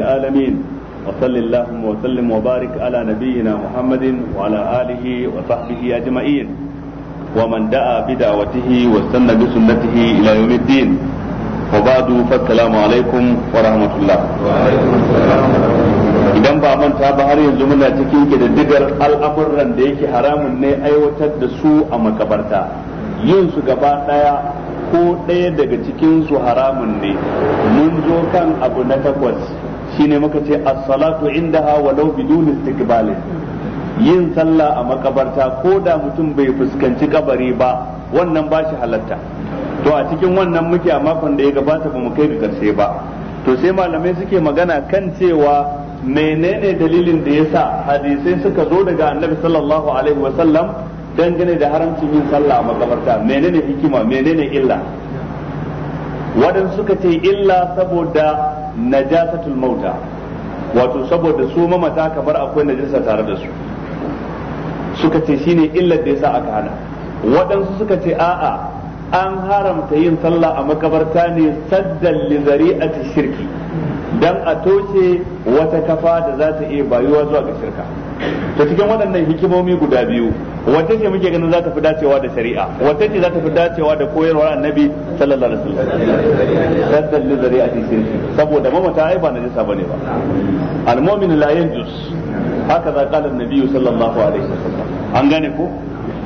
العالمين وصل اللهم وسلم وبارك على نبينا محمد وعلى آله وصحبه أجمعين ومن دعا بدعوته واستنى بسنته إلى يوم الدين وبعد فالسلام عليكم ورحمة الله idan ba manta ba har yanzu muna cikin kididdigar al'amuran da yake haramun ne aiwatar da su a makabarta yin su gaba ɗaya ko ɗaya daga cikin su haramun ne mun zo kan abu na takwas shine muka ce as-salatu indaha walau bidun istiqbalin yin sallah a makabarta ko da mutum bai fuskanci kabari ba wannan ba shi halatta to a cikin wannan muke a makon da ya gabata ba mu kai ga karshe ba to sai malamai suke magana kan cewa menene dalilin da yasa hadisai suka zo daga annabi sallallahu alaihi wasallam dangane da haramcin yin sallah a makabarta menene hikima menene illa wadansu suka ce illa saboda najasatul mauta wato saboda su mamata kamar akwai najasa tare da su suka ce shine illar da yasa aka hana waɗansu suka ce a'a an haramta yin sallah a makabarta ne saddan lizari a shirki dan a toshe wata kafa da za ta iya bayuwa zuwa ga shirka ta cikin waɗannan hikimomi guda biyu wacce ce muke ganin za ta fi dacewa da shari'a wacce ce za ta fi dacewa da koyarwar annabi sallallahu alaihi wasallam saddan li zari'ati shirki saboda ta ai ba jisa bane ba al-mu'min la yanjus haka za qala an-nabi sallallahu alaihi wasallam an gane ko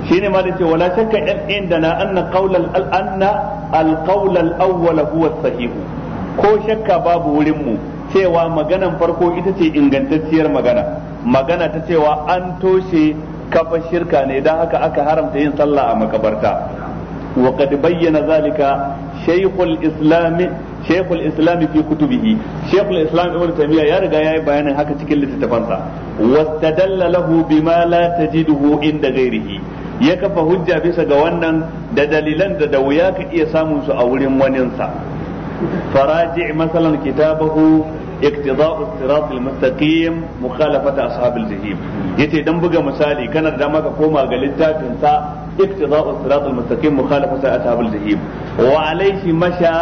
shine ma ce wala shakka indana anna al anna al-qawl al-awwal huwa sahih ko shakka babu wurin mu cewa maganan farko ita ce ingantacciyar magana magana ta cewa an toshe kafa shirka ne don haka aka haramta yin sallah a makabarta wa bayyana zalika shaykhul islam shaykhul islam fi kutubihi shaykhul islam ibnu taymiya ya riga yayi bayanin haka cikin littattafansa wastadalla lahu bima la tajiduhu inda ghairihi ya kafa hujja bisa ga wannan da dalilan da da wuya ka iya samun su a wurin waninsa faraji masalan kitabahu iqtida'u siratal mustaqim mukhalafata ashabil jahim yace dan buga misali kana da dama ka koma ga littafin sa iqtida'u siratal mustaqim mukhalafata ashabil jahim wa alayhi masha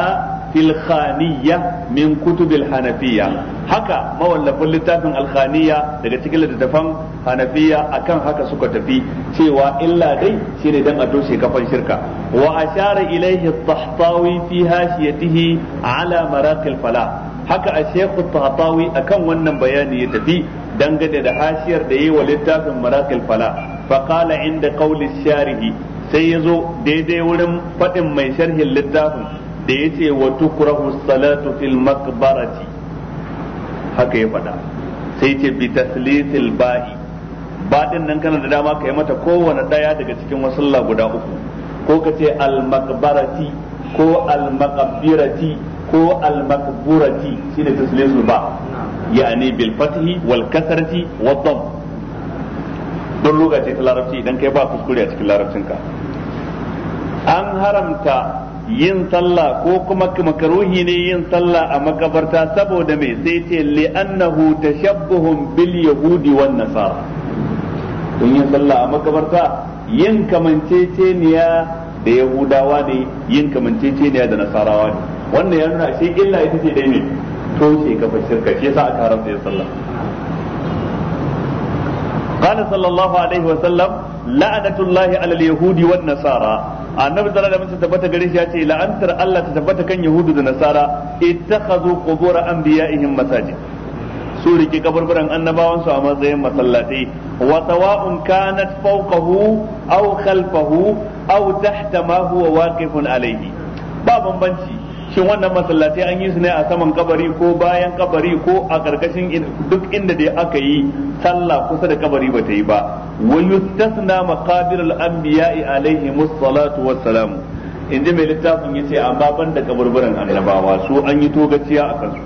fil khaniyya min kutubil hanafiyya haka mawallafin littafin alkhaniya daga cikin littattafan hanafiya akan haka suka tafi cewa illa dai shine dan a toshe kafan shirka wa ashara ilayhi at-tahtawi fi hashiyatihi ala maraqil falah haka a shekhu akan wannan bayani ya tafi dangane da hasiyar da yi wa littafin marakil fala fa inda qawli sharihi sai yazo daidai wurin faɗin mai sharhin littafin da yace wa tukrahu salatu fil makbarati haka ya fada sai ce bi taslithil ba'i badin nan kana da dama kai mata kowane ɗaya daga cikin wasalla guda uku ko kace al makbarati ko al ko al-maqburati shine taslisul ba yani bil fathi wal kasrati wad dam don lugha ce ta larabci idan kai ba kuskure a cikin larabcinka an haramta yin sallah ko kuma makaruhi ne yin sallah a makabarta saboda mai sai ce annahu tashabbuhum bil yahudi wan nasara don yin sallah a makabarta yin kamanceceniya da yahudawa ne yin kamanceceniya da nasarawa ne wannan ya nuna shi illa ita ce dai ne toshe kafa shirka shi yasa aka haramta ya sallah قال صلى الله عليه وسلم لعنة الله على اليهود والنصارى annabi sallallahu alaihi wasallam tabbata gare shi yace la'antar Allah ta tabbata kan yahudu da nasara ittakhadhu qubur anbiya'ihim masajid su rike kaburburan annabawan su a matsayin masallatai wa sawa'un kanat fawqahu aw khalfahu au tahta ma huwa waqifun ba bambanci shin wannan masallaci an yi su ne a saman kabari ko bayan kabari ko a karkashin duk inda dai aka yi sallah kusa da kabari ba ta yi ba wa yustasna maqabir al anbiya alaihi musallatu wassalam in mai littafin yace amma ban da kaburburan annabawa su an yi togaciya a kansu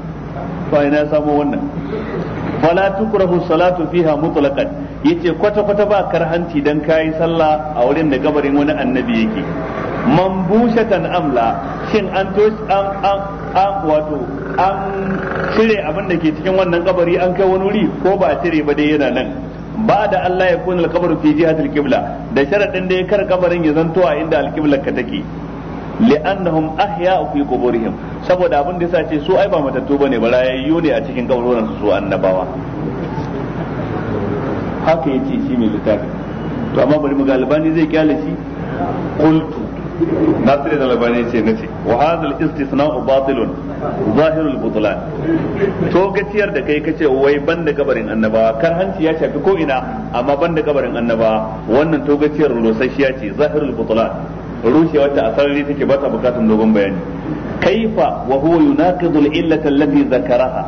fa ina samo wannan fala tukrahu salatu fiha mutlaqan yace kwata kwata ba karhanci dan kai sallah a wurin da kabarin wani annabi yake mambushatan amla shin an tosh an an an wato an cire abin da ke cikin wannan kabari an kai wani wuri ko ba a cire ba dai yana nan ba da Allah ya kuna kabaru fi jihar qibla da sharadin da ya kar kabarin ya zanto a inda alkiblar ka take li'annahum ahya'u fi quburihim saboda abin da yasa ce su ai ba matattu bane ba rayayyu ne a cikin kaburin su annabawa haka yace shi mai littafi to amma bari mu galibani zai kyale shi qultu nasir da labani ce nace wa hadal istisna'u batilun zahirul butlan to gaciyar da kai kace wai banda kabarin annabawa kar hanci ya shafi ko ina amma banda kabarin annabawa wannan to gaciyar rusasshiya ce zahirul butlan rushewa ta asarari take ba ta bukatun dogon bayani kaifa wa huwa yunaqidu al-illata allati zakaraha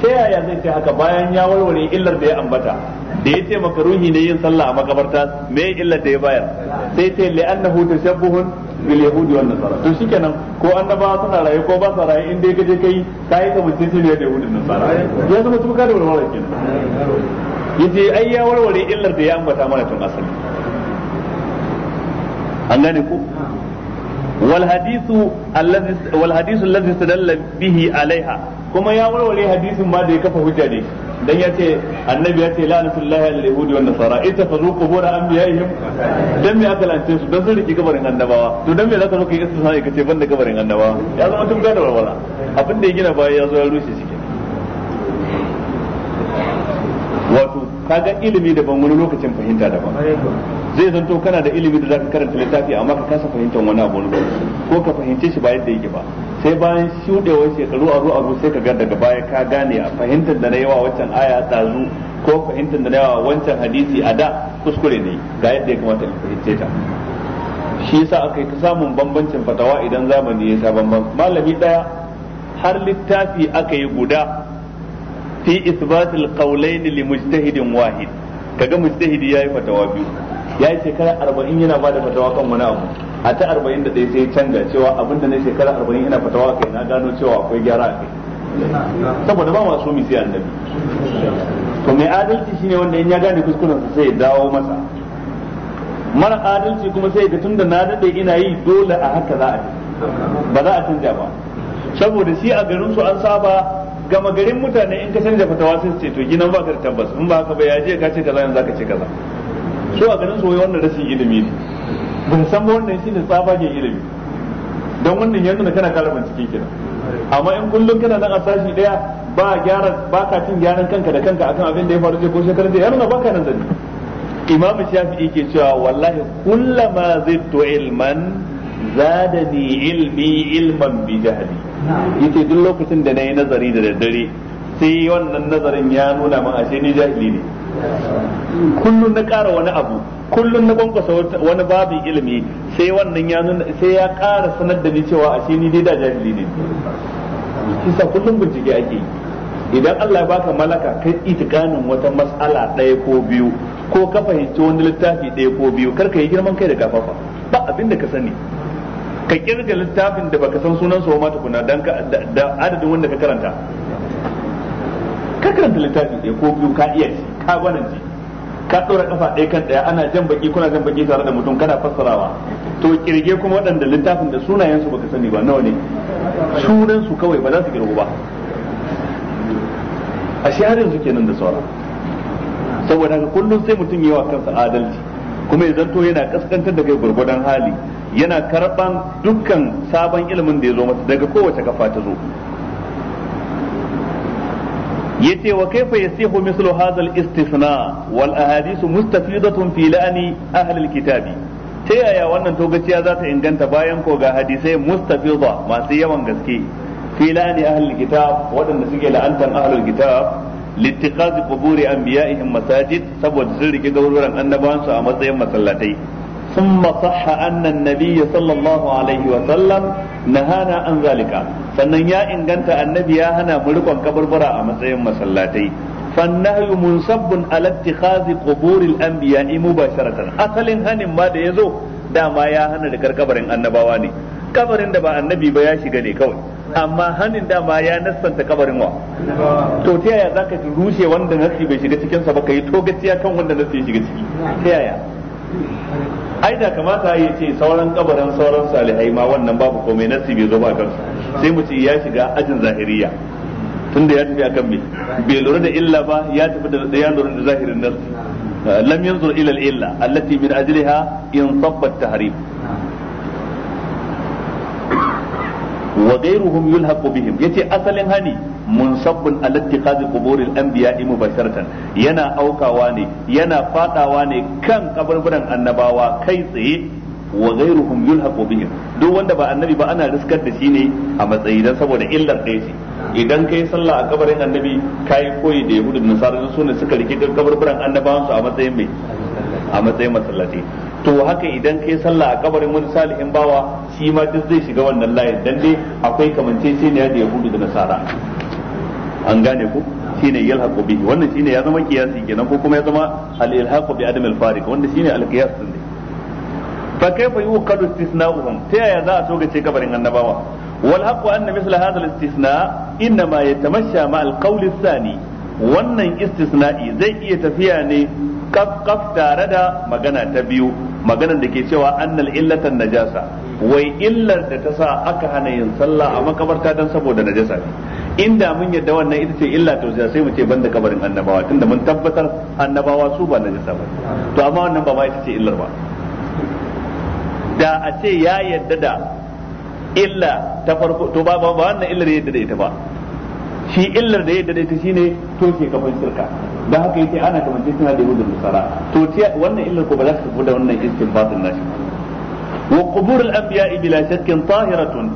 ta yaya zai ci haka bayan ya warware illar da ya ambata da yace makaruhi ne yin sallah a makabarta me illa da ya bayar sai ce annahu tashabbuhun bil yahudi wan nasara to shikenan ko annaba suna raye ko ba sa raye inda dai kaje kai kai ka mutunci shi ne da yahudi nasara ya zama tuka da walwala kenan yace ai ya warware illar da ya ambata mana tun asali an gane ku والحديث الذي والحديث الذي استدل به عليها كما يا ولي حديث ما ده كفى حجه dan ya ce annabi ya ce la'natullahi alal yahudi wan nasara ita fa zuqu bura anbiya'ihim dan me aka lance su dan sun riki kabarin annabawa to dan me zaka zo kai istisna ka ce banda gabarin annabawa ya zama tun da walwala abin da ya gina baya ya zo ya rushe shi wato kaga ilimi daban wani lokacin fahimta daban zai zanto kana da ilimi da zaka karanta littafi amma ka kasa fahimtar wani abu ko ka fahimce shi ba yadda yake ba sai bayan shudewar shekaru a ruwa sai ka ga daga baya ka gane a fahimtar da na yawa wancan aya tsazu ko fahimtar da na yawa wancan hadisi a da kuskure ne ga yadda ya kamata in fahimce ta shi yasa aka yi ta samun bambancin fatawa idan zamani ya sha bambam malami daya har littafi aka yi guda fi isbatil qawlayn li mujtahidin wahid kaga mujtahidi yayi fatawa biyu ya yi shekara arba'in yana ba da fatawa kan wani abu a ta arba'in da ɗaya sai canja cewa abin da na shekara arba'in yana fatawa kai na gano cewa akwai gyara a kai saboda ba masu misi annabi to mai adalci shine wanda in ya gane kuskuren sa sai ya dawo masa mara adalci kuma sai ga tunda na daɗe ina yi dole a haka za a ba za a canja ba saboda shi a garin su an saba gama garin mutane in ka canja fatawa sai su ce to ginan ba ka da tabbas in ba haka ba ya je ka ce kaza yanzu ka ce kaza su a ganin soyayya wannan rashin ilimi ne ba san ba wannan ne tsabagen ilimi don wannan yanzu na kana kara cikin kina amma in kullum kana nan a sashi daya ba gyara ba ka cin gyaran kanka da kanka akan abin da ya faru ko shekarar da ya nuna baka nan zani imam shafi'i ke cewa wallahi kullama zidtu ilman zadani ilmi ilman bi jahli yace duk lokacin da nayi nazari da daddare sai wannan nazarin ya nuna min ashe ni jahili ne kullun na ƙara wani abu kullun na kwankwasa wani babin ilimi sai wannan ya nuna sai ya ƙara sanar da ni cewa ashe ni dai da jahili ne kisa kullun bincike ake yi idan Allah ya baka malaka kai itikanin wata mas'ala ɗaya ko biyu ko ka fahimci wani littafi ɗaya ko biyu kar ka yi girman kai da gafafa ba abin da ka sani ka kirga littafin da baka san sunan su ma tukuna dan da adadin wanda ka karanta ka karanta littafi ɗaya ko biyu ka iya ci ka ci ka ɗora ƙafa ɗaya kan ɗaya ana jan baki kuna jan baki tare da mutum kana fassarawa to kirge kuma waɗanda littafin da sunayensu baka sani ba nawa ne sunansu kawai ba za su girgu ba a shi har yanzu kenan da saura saboda haka kullum sai mutum yawa kansa adalci kuma ya zanto yana kaskantar da kai gwargwadon hali yana karɓan dukkan sabon ilimin da ya zo masa daga kowace kafa ta zo ya ce wa kaifa yasihu mislu hadha al-istithna wal ahadith mustafidatun fi la'ni ahli kitabi kitab ta yaya wannan togaciya za ta inganta bayan koga ga hadisai mustafida masu yawan gaske filani la'ni ahli kitab waɗanda suke la'antan ahli al-kitab littikhaz quburi anbiya'ihim masajid saboda sun rike garuruwan annabawansu a matsayin masallatai ثم صح أن النبي صلى الله عليه وسلم نهانا sannan ya inganta annabi ya hana mu rikon kabarbara a matsayin masallatai fannahi munsabbun ala ittikhazi quburil anbiya'i mubasharatan asalin hanin ma da ya zo dama ya hana rikar kabarin annabawa ne kabarin da ba annabi ba ya shiga ne kawai amma hannun dama ya nassanta kabarin to ta yaya zaka rushe wanda nassi bai shiga cikinsa sa ba kai to gaciya kan wanda nassi ya shiga ciki ta yaya ai da kamata ya ce sauran kabarin sauran salihai ma wannan babu komai nasi bai zo ba kansu sai mu ce ya shiga ajin zahiriya tunda ya tafi akan me bai lura da illa ba ya tafi da ya lura da zahirin nasi lam yanzur ila illa allati min ajliha in sabbat tahrim wa ghayruhum yulhaqu bihim yace asalin hani munsabbun ala ittikhadhi quburil anbiya mubasharatan yana aukawa ne yana fadawa ne kan kaburburan annabawa kai tsaye wa ghayruhum yulhaqu bihim duk wanda ba annabi ba ana riskar da shi ne a matsayi dan saboda illar ɗaya ce idan kai sallah a kabarin annabi kai koyi da ya da nasara su suka rike kaburburan annabawansu a matsayin mai a matsayin masallatai to haka idan kai sallah a kabarin wani salihin bawa shi ma duk zai shiga wannan layin dan dai akwai kamanceceniya da yahudu da nasara an gane ku shine yalhaqu bihi wannan shine ya zama kiyasi kenan ko kuma ya zama al ilhaqu bi adam al fariq wanda shine al qiyas din fa kayfa yuqadu istisna'uhum ta yaya za a gace kabarin annabawa wal haqu anna misla hadha al istisna inna ma yatamashsha ma al qawl thani wannan istisna'i zai iya tafiya ne kaf kaf tare da magana ta biyu maganar da ke cewa annal illatan najasa wai illar da ta sa aka hana yin sallah a makabarta dan saboda najasa ne inda mun yadda wannan ita ce illa to sai mu ce banda kabarin annabawa tunda mun tabbatar annabawa su ba najasa ba to amma wannan ba ma ita ce illar ba da a ce ya yadda da illa ta farko to ba ba wannan illar ya yadda da ita ba shi illar da ya yadda da ita shine ke kafin shirka da haka yace ana kamance suna da yahudun nasara to wannan illar ko ba za su tafi da wannan istinbatin nashi wa quburul anbiya bila shakkin tahiratun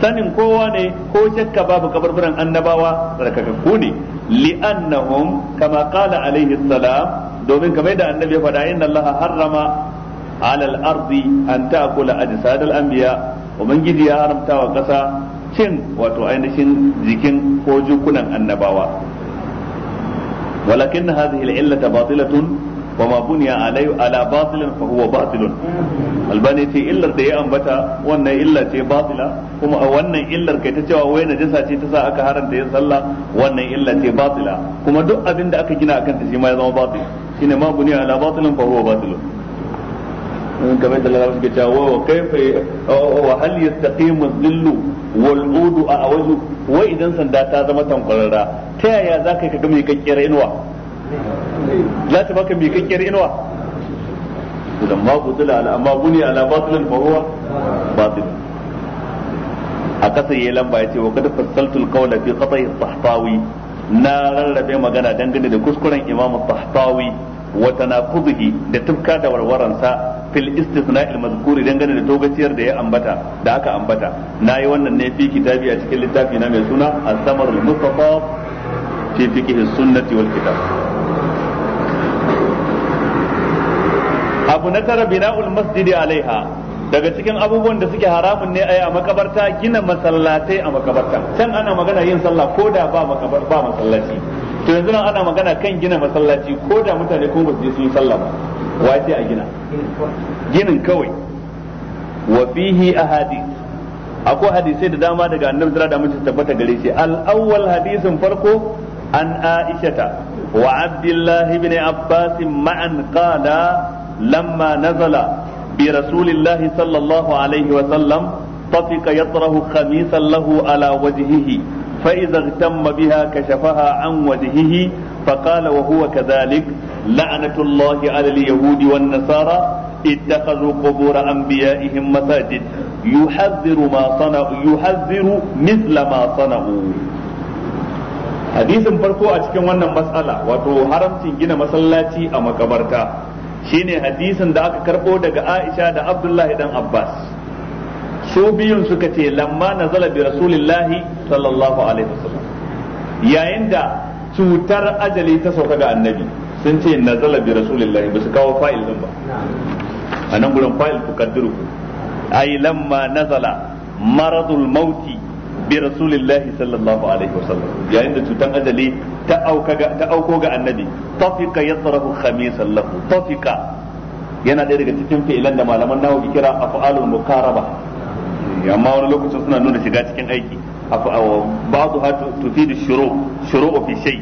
sanin kowa ne ko shakka babu kabarburan annabawa tsarkakakku ne li'annahum kama qala alaihi salam domin kamar da annabi ya faɗa inna allaha harrama ala al-ardi an ta'kula ajsad al-anbiya ubangiji ya haramta wa kasa cin wato ainihin jikin ko jukunan annabawa walakin hadhihi al-illata batilatun وما بني عليه على باطل فهو باطل albani ce illar da ya ambata wannan illa ce batila kuma a wannan illar kai ta cewa wai najasa ce ta sa aka haranta yin salla wannan illa ce batila kuma duk abin da aka gina akan ta shi ma ya zama batil ma buniya ala kamar da lalawa suke cewa wa kaifa oh, oh, wa hal yastaqimu dhillu wal udu a awaju wa idan sanda ta zama tankwarara ta yaya za ka gami mai kakkiyar inuwa za ta baka mai kakkiyar inuwa idan ma butula ala amma buni ala batilin fa huwa batil a kasa yayi lamba yace wa kad fassaltul qawla fi qata'i tahtawi na rarrabe magana dangane da kuskuren imam tahtawi wa tanaqudihi da tufka da warwaransa fil istithna'il mazkuri dangane da togaciyar da ya ambata da aka ambata nayi wannan ne fi kitabi a cikin littafi na mai suna al-samar al mustafa fi fiqh sunnati wal kitab abu na tara bina'ul masjidi alaiha daga cikin abubuwan da suke haramun ne ai a makabarta gina masallatai a makabarta can ana magana yin sallah ko da ba makabar ba masallaci to yanzu nan ana magana kan gina masallaci ko da mutane ko ba su je sun sallah ba wace a gina ginin kawai wa fihi ahadith akwai hadisai da dama daga annabi sallallahu alaihi wasallam tabbata gare shi al-awwal hadisin farko an aishata wa abdullah ibn abbas ma'an qala lamma nazala bi rasulillah sallallahu alaihi wasallam طفق يطره خميسا له على وجهه فإذا اغتم بها كشفها عن وجهه فقال وهو كذلك لعنة الله على اليهود والنصارى اتخذوا قبور أنبيائهم مساجد يحذر ما صنعوا يحذر مثل ما صنعوا hadisin farko a cikin wannan matsala wato haramcin gina masallaci a makabarta shine hadisin da aka karbo daga Aisha da Abdullahi dan Abbas su biyun suka ce lamma nazala bi rasulillahi sallallahu alaihi wasallam yayin da cutar ajali ta sauka ga annabi sun ce nazala bi rasulillahi ba su kawo fa'il din ba a nan gudun fa'il ku kaddiru ai lamma nazala maradul mauti bi rasulillahi sallallahu alaihi wasallam yayin da cutar ajali ta auka ga ta auko ga annabi tafika yadrahu khamisan lahu tafika yana ɗaya daga cikin fi'ilan da malaman nawawi kira af'alul mukaraba amma wani lokacin suna nuna shiga cikin aiki بعضها تفيد الشروع شروع في شيء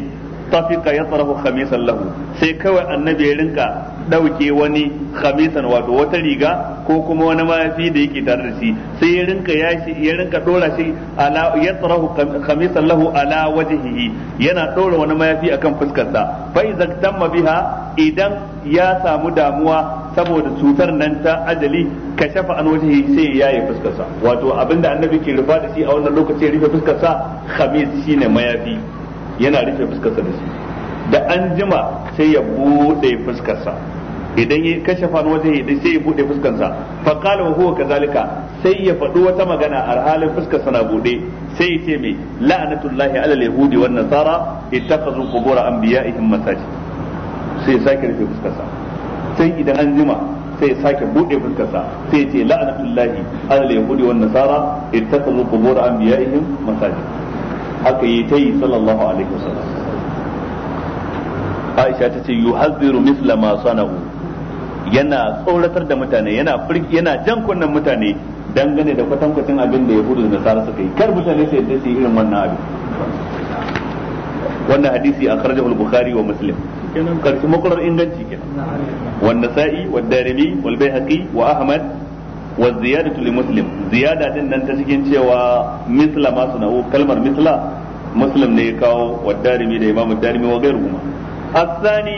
طفق يطرح خميسا له sai kawai annabi ya rinka ɗauke wani khamisan wato wata riga ko kuma wani mayafi da yake tare da sai ya rinka yashi ya rinka dora shi ala yatrahu khamisan lahu ala wajhihi yana dora wani mayafi akan fuskar bai fa idza tamma biha idan ya samu damuwa saboda cutar nan ta ajali ka shafa an waje sai ya yi fuskarsa wato abinda annabi ke rufa da shi a wannan lokacin rufe fuskarsa khamis shine mayafi yana rufe fuskarsa da shi da an jima sai ya bude fuskarsa idan ya kashafa waje da sai ya buɗe fuskarsa fa qala huwa kazalika sai ya faɗi wata magana a halin fuskarsa na buɗe, sai ya ce mai la'anatullahi alal yahudi wan nasara ittakhadhu qubur anbiya'ihim masajid sai ya sake rufe fuskarsa sai idan an jima sai ya sake bude fuskarsa sai ya ce la'anatullahi alal yahudi wan nasara ittakhadhu qubur anbiya'ihim masajid haka yi ta yi sallallahu alaihi wasallam Aisha ta ce yuhazziru misla ma sana'u yana tsoratar da mutane yana yana jan kunnen mutane dangane da kwatankwacin abin da yahudu da nasara suka yi kar mutane su yadda su irin wannan abin wannan hadisi a karjahu al-bukhari wa muslim kenan karshe makurar inganci kenan wan sa'i wa darimi wal baihaqi wa ahmad wa ziyadatu li muslim ziyada din nan ta cikin cewa misla ma kalmar misla muslim ne ya kawo wa darimi da imamu darimi wa gairuhuma الثاني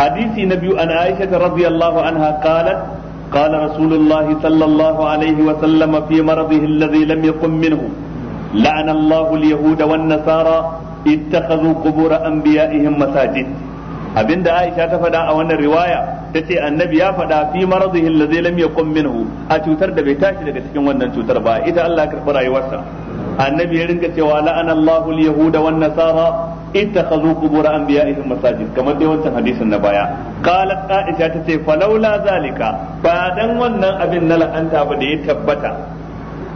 حديث نبي عن عائشة رضي الله عنها قالت قال رسول الله صلى الله عليه وسلم في مرضه الذي لم يقم منه لعن الله اليهود nasara. ittakhadhu qubur anbiya'ihim masajid abinda Aisha ta faɗa a wannan riwaya ta ce annabi ya faɗa fi maradihi allazi lam yaqum minhu a cutar da bai tashi daga cikin wannan cutar ba ita Allah ya karɓi rayuwarsa annabi ya rinka cewa la'ana Allahu al-yahuda wan nasara ittakhadhu qubur anbiya'ihim masajid kamar dai wancan hadisin na baya qalat Aisha ta ce falaula zalika ba dan wannan abin na la'anta ba da ya tabbata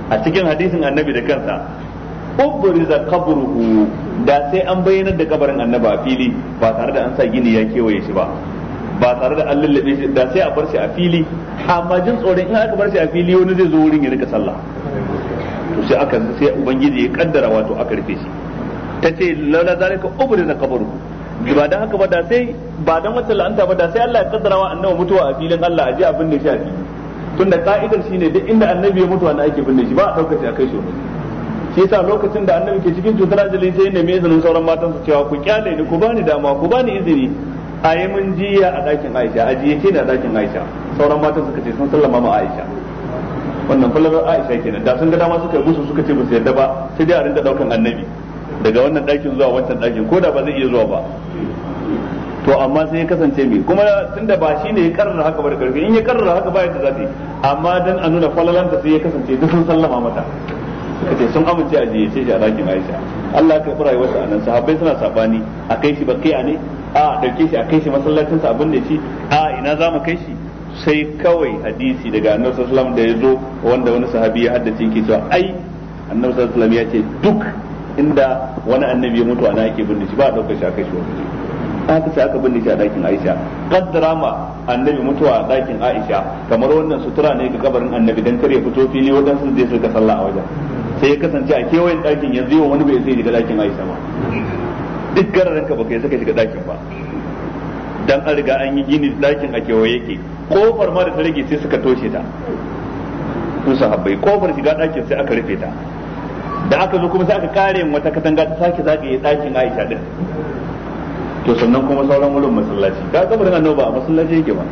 a cikin hadisin annabi da kansa ubriza qabruhu da sai an bayyana da kabarin annaba a fili ba tare da an sa gini ya kewaye shi ba ba tare da an lallabe shi da sai a bar shi a fili amma jin tsoron in aka bar shi a fili wani zai zo wurin ya rika sallah to sai aka sai ubangiji ya kaddara wato aka rufe shi tace laula zalika ubriza qabruhu ba dan haka ba da sai ba dan wata la'anta ba da sai Allah ya kaddara wa annabi mutuwa a filin Allah a ji abin da shi a fili tunda ka'idar shine duk inda annabi ya mutuwa na ake binne shi ba a daukar shi a kai shi shi yasa lokacin da annabi ke cikin cutar ajali sai ne mai izinin sauran matan su cewa ku kyale ni ku bani dama ku bani izini a yi mun jiya a ɗakin Aisha a jiya ke da ɗakin Aisha sauran matan suka ce sun sallama ma Aisha wannan kullum Aisha kenan da sun ga dama suka yi musu suka ce musu yadda ba sai dai a rinda daukan annabi daga wannan ɗakin zuwa wancan ɗakin ko da ba zai iya zuwa ba to amma sai ya kasance mai kuma tunda ba shi ne ya karrara haka ba da karfi in ya karrara haka ba yadda za ta yi amma dan a nuna falalanta sai ya kasance duk sun sallama mata kace sun amince a jiyace shi a dakin Aisha Allah ya karɓi rayuwarsa anan sahabbai suna sabani a kai shi bakiya ne a dauke shi a kai shi masallacin sa abin da shi a ina za mu kai shi sai kawai hadisi daga Annabi sallallahu alaihi wasallam da ya zo wanda wani sahabi ya haddace yake cewa ai Annabi sallallahu alaihi wasallam ya ce duk inda wani annabi ya mutu ana yake binne shi ba a ɗaukar shi a kai shi wani aka ce aka binne shi a dakin Aisha kaddara ma annabi mutuwa a dakin Aisha kamar wannan sutura ne ga kabarin annabi dan kare fito fili wadansu zai suka sallah a wajen sai ya kasance a kewayen ɗakin yanzu wa wani bai sai shiga ɗakin Aisha ba duk gararen ka baka saka shiga ɗakin ba dan an riga an yi gini ɗakin a kewaye yake kofar ma da ta rage sai suka toshe ta su sahabbai kofar shiga ɗakin sai aka rufe ta da aka zo kuma sai aka kare wata katanga ta sake zagaye ɗakin Aisha din to sannan kuma sauran wurin masallaci ga kabarin annoba ba masallaci yake ba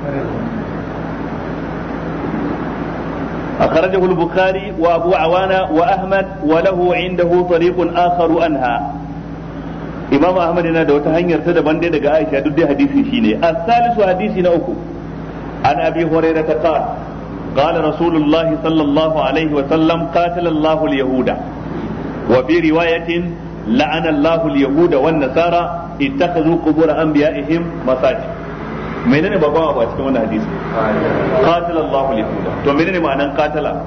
أخرجه البخاري وأبو عوانة وأحمد وله عنده طريق آخر أنها إمام أحمد هنا دوت هنير سيدة بندي دقاء عائشة دودي حديثي شيني الثالث حديثي نأكو عن أبي هريرة قال قال رسول الله صلى الله عليه وسلم قاتل الله اليهود وفي رواية لعن الله اليهود والنصارى اتخذوا قبور أنبيائهم مساجد menene babban abu a cikin wannan hadisi qatala Allah yahuda to menene ma'anan qatala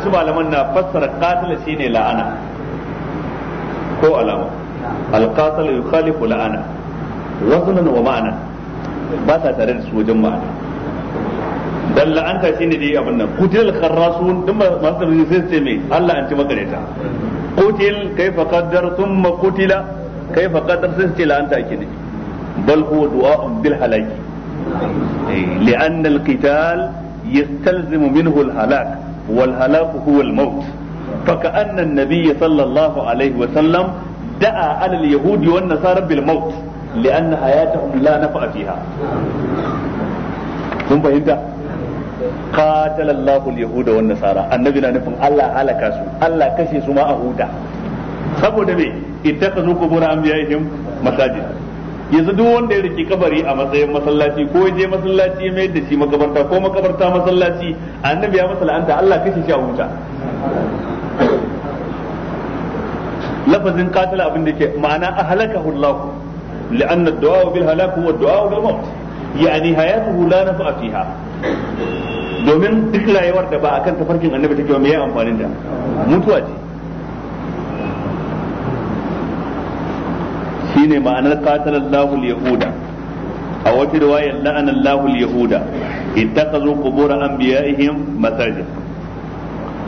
su malaman na fassara qatala shine la'ana ko alama al-qatal yukhalifu la'ana waznan wa ma'ana ba ta tare da su wajen ma'ana dan la'anta shine dai abin nan qutil kharrasun din masu tafsiri sai ce me Allah an ci makareta qutil kaifa qaddar thumma qutila kaifa qaddar sai ce la'anta ake ne bal huwa du'a bil halaki لأن القتال يستلزم منه الهلاك والهلاك هو الموت فكأن النبي صلى الله عليه وسلم دعا على اليهود والنصارى بالموت لأن حياتهم لا نفع فيها kun fahimta qatala Allahu al wan nasara annabi na nufin Allah halaka su Allah kashe su ma a huta saboda me ittakazu qubur anbiya'ihim masajid yanzu duk wanda ya rike kabari a matsayin masallaci ko ya je masallaci ya mayar da shi makabarta ko makabarta masallaci annabi ya masa la'anta Allah kashe shi a wuta lafazin qatala abin da yake ma'ana ahlakahu Allah li'anna ad-du'a bil halak huwa ad-du'a bil maut yani hayatuhu la nafa'a fiha domin duk rayuwar da ba akan tafarkin annabi take ba me ya amfanin da mutuwa ce shine ma'anar qatalallahu al-yahuda a wata riwaya la'anallahu al-yahuda ittakhadhu qubur anbiya'ihim masajid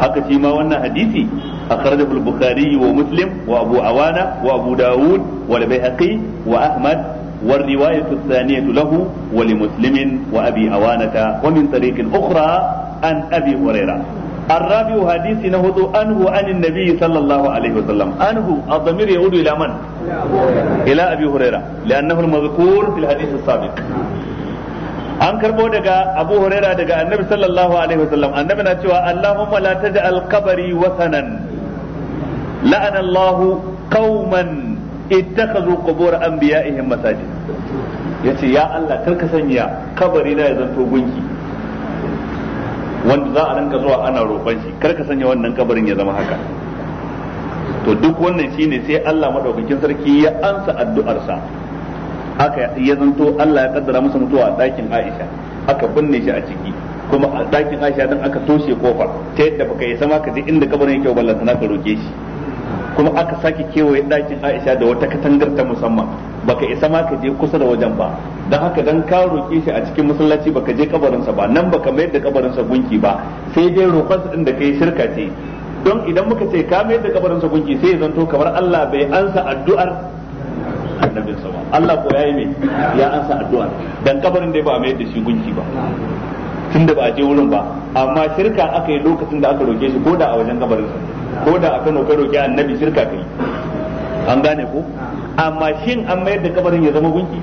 haka shi ma wannan hadisi أخرجه wa ومسلم وأبو عوانة وأبو داود والبيهقي وأحمد والرواية الثانية له ولمسلم وأبي عوانة ومن طريق أخرى عن أبي هريرة الرابع حديث نهض أنه عن النبي صلى الله عليه وسلم أنه الضمير يعود إلى من؟ إلى أبي هريرة لأنه المذكور في الحديث السابق an karbo daga Abu Huraira daga Annabi sallallahu alaihi wasallam Annabi na cewa Allahumma la taj'al qabri wasanan la'ana Allah qauman ittakhadhu qubur anbiya'ihim masajid yace ya Allah kar sanya kabari na ya zanto gunki wanda za a ranka zuwa ana roƙon shi kar ka sanya wannan kabarin ya zama haka to duk wannan shine sai Allah madaukakin sarki ya ansa addu'arsa aka ya zanto Allah ya kaddara masa mutuwa a ɗakin Aisha aka binne shi a ciki kuma a ɗakin Aisha din aka toshe kofar ta yadda baka yi sama ka je inda kabarin yake ballanta na ka roke shi kuma aka sake kewaye ɗakin Aisha da wata katangar ta musamman baka isa ma ka je kusa da wajen ba dan haka dan ka roƙe shi a cikin masallaci baka je kabarinsa ba nan baka mayar da kabarinsa gunki ba sai dai roƙonsa din da kai shirka ce don idan muka ce ka mayar da kabarinsa gunki sai ya zanto kamar Allah bai ansa addu'ar annabin sa ba Allah ko yayi me ya ansa addu'ar dan kabarin dai ba a mayar da shi gunki ba tunda ba a je wurin ba amma shirka aka yi lokacin da aka roƙe shi ko da a wajen kabarinsa ko da a Kano ka ke annabi shirka kai an gane ko amma shin an mayar da kabarin ya zama gunki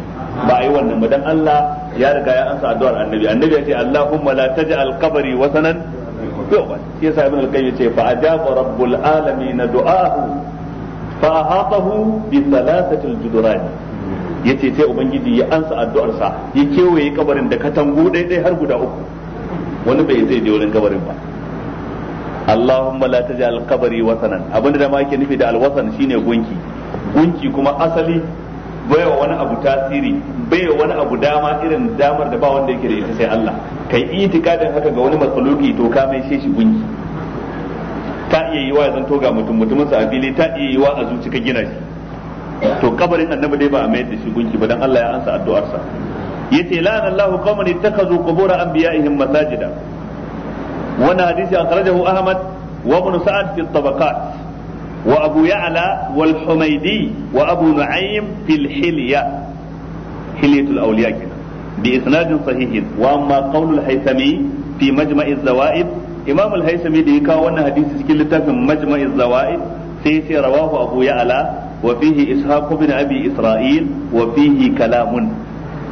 ba a yi wannan ba dan Allah ya riga ya ansa addu'ar annabi annabi ya ce Allahumma la taj'al qabri wasanan ba shi yasa ibn al-qayyim ya ce fa ajaba rabbul alamin du'ahu fa ahatahu bi thalathati al-juduran yace sai ubangiji ya ansa sa ya kewaye kabarin da katangu dai dai har guda uku wani bai zai je wurin kabarin ba Allahumma la taj'al qabri wasanan abinda da ma yake nufi da alwasan shine gunki gunki kuma asali baiwa wani abu tasiri baiwa wani abu dama irin damar da ba wanda yake da ita sai Allah kai itikadin haka ga wani makhluki to ka mai shi gunki ta iya yi wa zan toga mutum mutumin sa a fili ta iya yi wa a zuci ka gina shi to kabarin annabi dai ba a mayar da shi gunki ba dan Allah ya ansa addu'arsa yace la'ana Allahu qauman ittakhadhu qubur anbiya'ihim masajida wannan hadisi an kharajahu ahmad wa ibn sa'ad fi wa abu ya'la wal humaydi wa abu nu'aym fil hilya hilyatul awliya kenan bi isnadin sahihin wa amma qawlul haythami fi majma'iz zawaid imam al da ya kawo wannan hadisi cikin littafin majma'iz zawaid sai sai rawahu abu ya'la wa fihi ishaq ibn abi isra'il wa fihi kalamun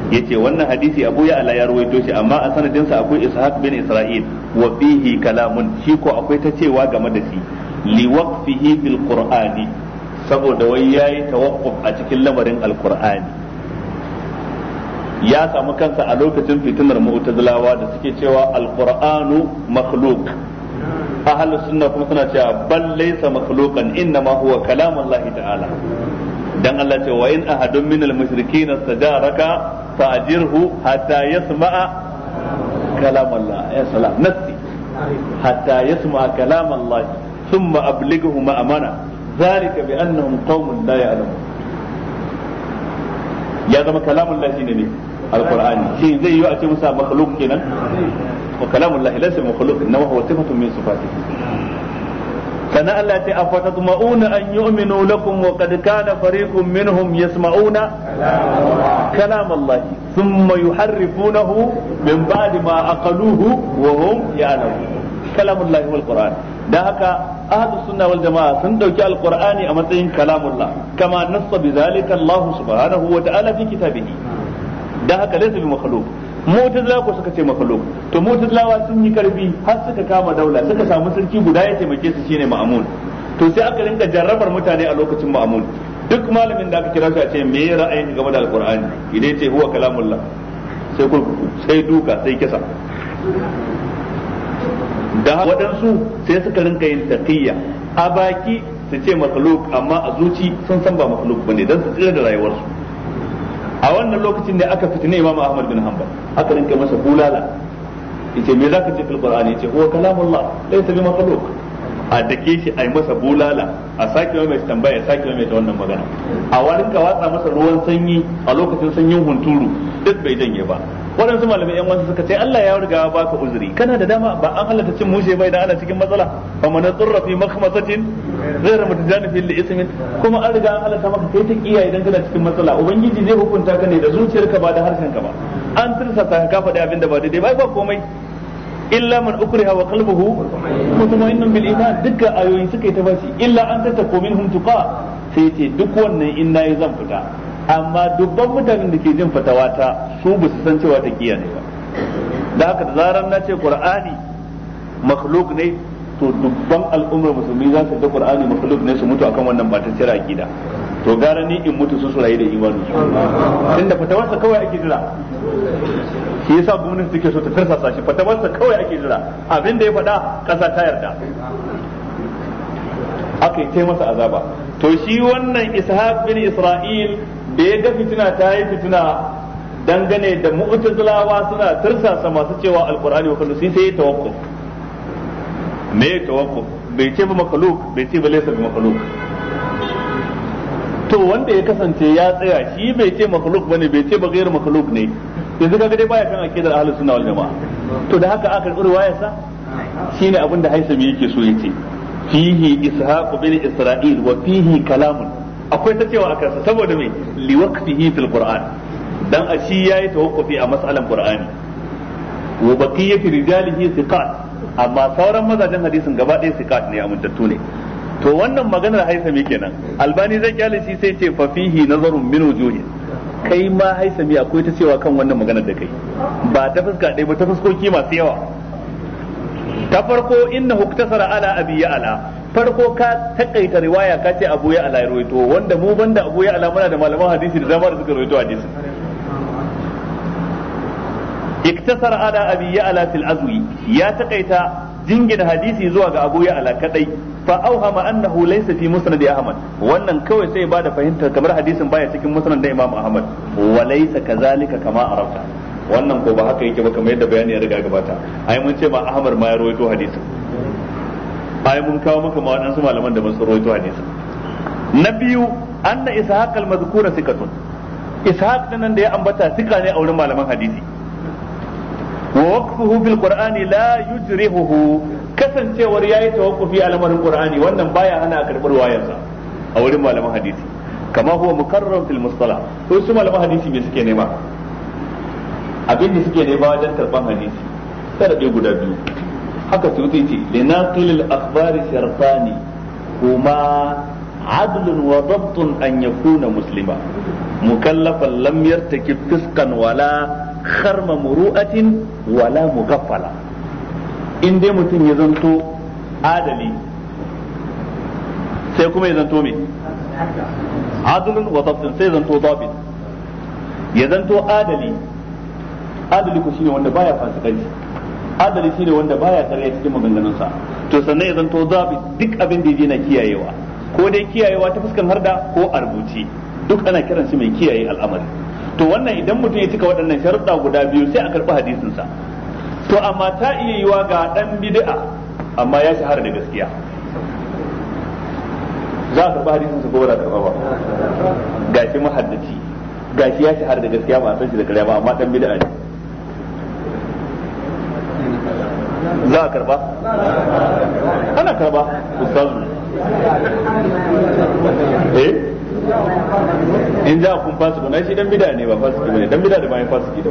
yace wannan hadisi Abu Ya'la ya ruwaito shi amma a sanadin sa akwai Ishaq bin Isra'il wa fihi kalamun shi ko akwai ta cewa game da shi li waqfihi fil Qur'ani saboda wai yayi tawaqquf a cikin lamarin alqur'ani ya samu kansa a lokacin fitinar mu'tazilawa da suke cewa alqur'anu makhluq ahlu sunna kuma suna cewa bal laysa makhluqan ma huwa kalamullahi ta'ala dan Allah ce wa in ahadun minal mushrikeena sadaraka. fa'ajirhu hatta yasma'a kalam Allah ya salam nasti hatta yasma'a kalam Allah thumma ablighu bi annahum qaumun la ya zama kalamun Allah shine ne alqur'ani shi zai yi a ce musa makhluq kenan wa kalamun Allah laysa makhluq min sannan Allah ya ce afatatma'una an yu'minu lakum wa qad kana fariqun minhum yasma'una kalam Allah thumma yuharrifunahu min ba'di ma aqaluhu wa hum ya'lamun kalam Allah wal Qur'an dan haka ahlu sunna wal jama'a sun dauki alqur'ani a matsayin kalamullah kama nassa bi zalika Allah subhanahu wa ta'ala fi kitabihi dan haka laysa bi makhluq mu'tazila ko suka ce mafalo to mu'tazilawa sun yi karfi har suka kama daula suka samu sarki guda ya taimake su shine ma'amun to sai aka rinka jarrabar mutane a lokacin ma'amun duk malamin da aka kira shi a ce me ya ra'ayin game da alqur'ani idan ce huwa kalamullah sai kurkuku sai duka sai kisa da waɗansu sai suka rinka yin taqiyya a baki su ce mafalo amma a zuci sun san ba mafalo bane dan su tsira da rayuwarsu a wannan lokacin da aka fitine Imam Ahmad bin Hanbal aka rinka masa bulala yace me zaka ce fil Qur'ani yace huwa kalamullah laysa bi makhluq a dake shi a yi masa bulala a sake mai tambaya a mai ta wannan magana a warinka watsa masa ruwan sanyi a lokacin sanyin hunturu duk bai janye ba waɗansu malamai yan wasu suka ce Allah ya riga baka uzuri kana da dama ba an halatta cin mushe bai da ana cikin matsala ba mana tsurra fi makhmasatin ghayra mutajanifin li ismin kuma an riga an halatta maka kai ta kiyaye idan kana cikin matsala ubangiji zai hukunta ka ne da zuciyarka ba da ka ba an tursa ka ka faɗi abin da ba daidai ba ba komai illa man ukriha wa qalbuhu mutma'innun bil iman dukkan ayoyi suka yi ta bashi illa an tatta minhum tuqa sai ce duk wannan in nayi zan fita amma dubban mutanen da ke jin fatawa ta su ba su san cewa ta kiya ne ba da haka da zarar na ce qur'ani makhluk ne to dubban al'ummar musulmi za su ga qur'ani makhluk ne su mutu akan wannan ba ta tsira akida to gara ni in mutu su su rayu da imani tunda sa kawai ake jira shi yasa gwamnati take so ta tarsasa shi sa kawai ake jira abin da ya faɗa ƙasa ta yarda aka yi masa azaba to shi wannan ishaq bin isra'il da ya ga fitina ta yi fitina dangane da mu'tazilawa suna tirsasa masu cewa alqur'ani wa kullu sai ya tawakkul me ya tawakkul bai ce ba makhluk bai ce ba laysa bi makhluk to wanda ya kasance ya tsaya shi bai ce makhluk bane bai ce ba gair makhluk ne yanzu kaga dai baya kan akidar ahlus sunna wal jamaa to da haka aka karbi riwayarsa shine abin da Haisami yake so yace fihi ishaq bin isra'il wa fihi kalamun akwai ta cewa akan sa saboda me liwaqfihi fil qur'an dan a shi yayi tawaqqufi a mas'alan qur'ani wa baqiyatu rijalihi thiqat amma sauran mazajen hadisin gaba ɗaya thiqat ne amintattu ne to wannan maganar haisami kenan albani zai kyale shi sai ce fa fihi nazarun min wujuhin kai ma haisami akwai ta cewa kan wannan maganar da kai ba ta fuska ɗaya ba ta fuskoki masu yawa ta farko inna huktasara ala abi ya'ala farko ka takaita riwaya ka ce abu ya ala rawaito wanda mu banda abu ya ala muna da malaman hadisi da zama da suka rawaito hadisi iktasara ala abi ya ala fil azwi ya takaita jingina hadisi zuwa ga abu ya ala kadai fa auhama annahu laysa fi musnad ahmad wannan kawai sai ba da fahimtar kamar hadisin baya cikin musnad da imam ahmad wa laysa kazalika kama arabta wannan ko ba haka yake ba kamar yadda bayani ya riga gabata ai mun ce ma ahmad ma ya rawaito hadisin ai mun kawo maka ma waɗansu malaman da masu su rawaito hadisi. na biyu anna ishaq al-mazkura sikatun ishaq nan da ya ambata sika ne a wurin malaman hadisi wa waqfuhu bil qur'ani la yujrihuhu kasancewar yayi tawqufi a lamarin qur'ani wannan baya hana karbar wayarsa a wurin malaman hadisi kama huwa mukarrar fil mustalah to su malaman hadisi me suke nema abin da suke nema wajen karban hadisi sai da guda biyu haka tuti ce linaqil al-akhbar shartani kuma عدل وضبط أن يكون مسلما مكلفا لم يرتكب فسقا ولا خرم مروءة ولا مغفلا إن دي متن يزنتو عدلي سيكم يزنتو مين عدل وضبط سيزنتو ضابط يزنتو عدلي عدلي كشيني وانا بايا فاسقني adali ne wanda baya karya cikin maganganunsa to sannan ya zanto zabi duk abin da yaje na kiyayewa ko dai kiyayewa ta fuskar harda ko a rubuce duk ana kiran shi mai kiyaye al'amari to wannan idan mutum ya cika waɗannan sharuɗa guda biyu sai a karɓi hadisinsa to amma ta iya yiwa ga ɗan bid'a amma ya shahara da gaskiya za a karɓi hadisinsa ko ba za ba karɓa ba gashi mahaddaci gashi ya shahara da gaskiya ba a san shi da karya ba amma ɗan bid'a ne za a karba ana karba ustazu eh in za kun fasiki na shi dan bida ne ba fasiki bane dan bida da bayan fasiki da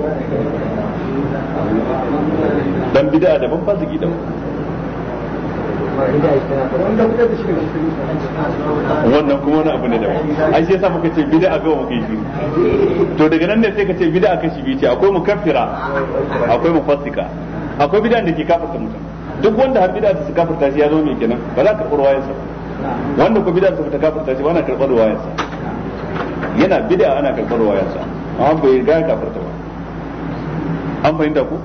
dan bida da ban fasiki da wannan kuma wani abu ne daban ai sai yasa muka ce bid'a ga muka yi to daga nan ne sai ka ce bid'a kashi biyu ce akwai mukaffira akwai mufassika akwai bid'a da ke kafirta mutum duk wanda har bid'a su kafirta shi ya zo mai kenan ba za ka karɓar wayansa wanda ko bid'a ta kafirta shi ba na karɓar wayansa yana bid'a ana karɓar wayansa amma bai ga kafirta ba an fahimta ku